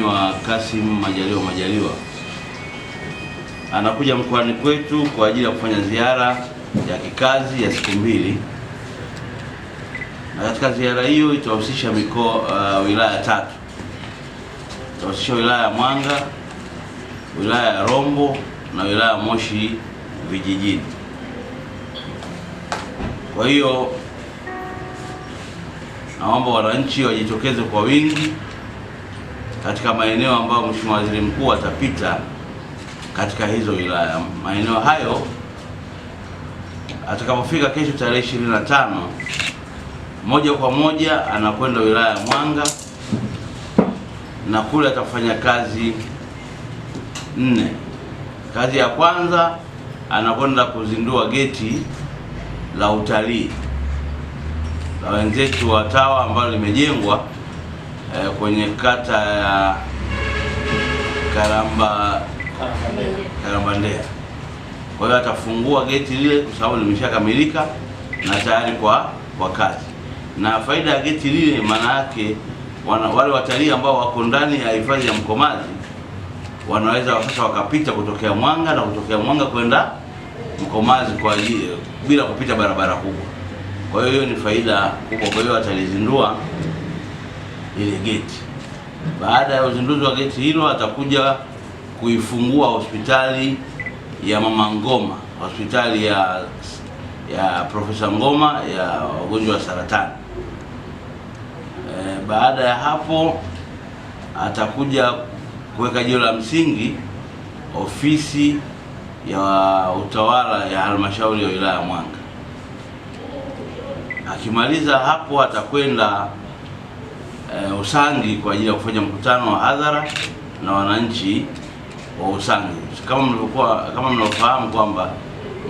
Mheshimiwa Kasim Majaliwa Majaliwa anakuja mkoani kwetu kwa ajili ya kufanya ziara ya kikazi ya siku mbili, na katika ziara hiyo itahusisha mikoa uh, wilaya tatu. Itahusisha wilaya ya Mwanga, wilaya ya Rombo na wilaya ya Moshi vijijini. Kwa hiyo naomba wananchi wajitokeze kwa wingi katika maeneo ambayo Mheshimiwa Waziri Mkuu atapita katika hizo wilaya. Maeneo hayo atakapofika kesho tarehe 25 moja kwa moja anakwenda wilaya ya Mwanga na kule atafanya kazi nne. Kazi ya kwanza anakwenda kuzindua geti la utalii la wenzetu wa TAWA ambalo limejengwa eh, kwenye kata ya Karamba Karamba Ndea. Kwa hiyo atafungua geti lile kwa sababu limeshakamilika na tayari kwa wakati, na faida ya geti lile maana yake wale watalii ambao wako ndani ya hifadhi ya Mkomazi wanaweza sasa wakapita kutokea Mwanga na kutokea Mwanga kwenda Mkomazi kwa hiyo bila kupita barabara kubwa. Kwa hiyo hiyo ni faida kubwa, kwa hiyo atalizindua ile geti. Baada ya uzinduzi wa geti hilo, atakuja kuifungua hospitali ya Mama Ngoma, hospitali ya ya Profesa Ngoma ya wagonjwa wa saratani. E, baada ya hapo atakuja kuweka jiwe la msingi ofisi ya utawala ya halmashauri ya wilaya ya Mwanga. Akimaliza hapo atakwenda uh, Usangi kwa ajili ya kufanya mkutano wa hadhara na wananchi wa Usangi. Kama mlikuwa, kama mnavyofahamu kwamba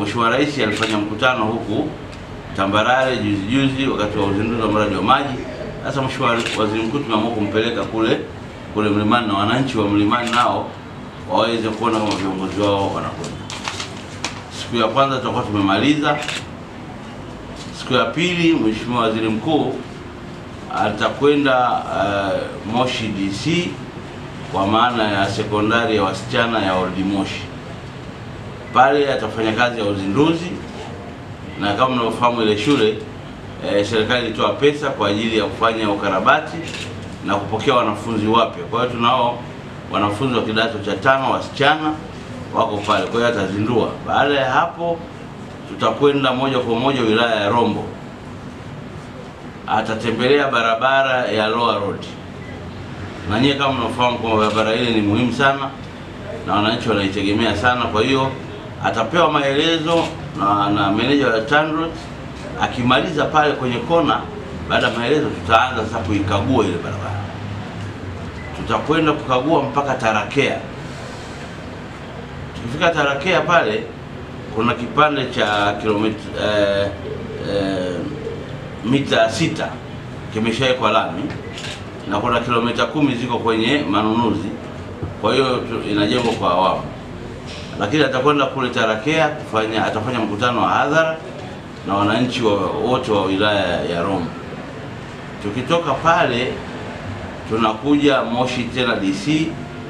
Mheshimiwa Rais alifanya mkutano huku Tambarare juzi juzi wakati wa uzinduzi wa mradi wa maji. Sasa Mheshimiwa Waziri Mkuu tumeamua kumpeleka kule kule mlimani na wananchi wa mlimani nao waweze kuona kama viongozi wao wanakwenda. Siku ya kwanza tutakuwa tumemaliza. Siku ya pili Mheshimiwa Waziri Mkuu atakwenda uh, Moshi DC kwa maana ya sekondari ya wasichana ya Old Moshi. Pale atafanya kazi ya uzinduzi, na kama mnavyofahamu ile shule eh, serikali ilitoa pesa kwa ajili ya kufanya ukarabati na kupokea wanafunzi wapya. Kwa hiyo tunao wanafunzi wa kidato cha tano wasichana wako pale, kwa hiyo atazindua. Baada ya hapo, tutakwenda moja kwa moja wilaya ya Rombo atatembelea barabara ya Lower Road, na nyie kama mnafahamu kwamba barabara ile ni muhimu sana na wananchi wanaitegemea sana. Kwa hiyo atapewa maelezo na, na meneja wa TANROADS. Akimaliza pale kwenye kona, baada ya maelezo, tutaanza sasa kuikagua ile barabara, tutakwenda kukagua mpaka Tarakea. Tukifika Tarakea pale kuna kipande cha kilomita eh, eh, mita sita kimeshawekwa lami na kuna kilomita kumi ziko kwenye manunuzi, kwa hiyo inajengwa kwa awamu, lakini atakwenda kule Tarakea kufanya, atafanya mkutano wa hadhara na wananchi wote wa wilaya ya Rombo. Tukitoka pale tunakuja Moshi tena DC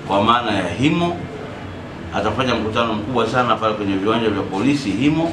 kwa maana ya Himo, atafanya mkutano mkubwa sana pale kwenye viwanja vya polisi Himo.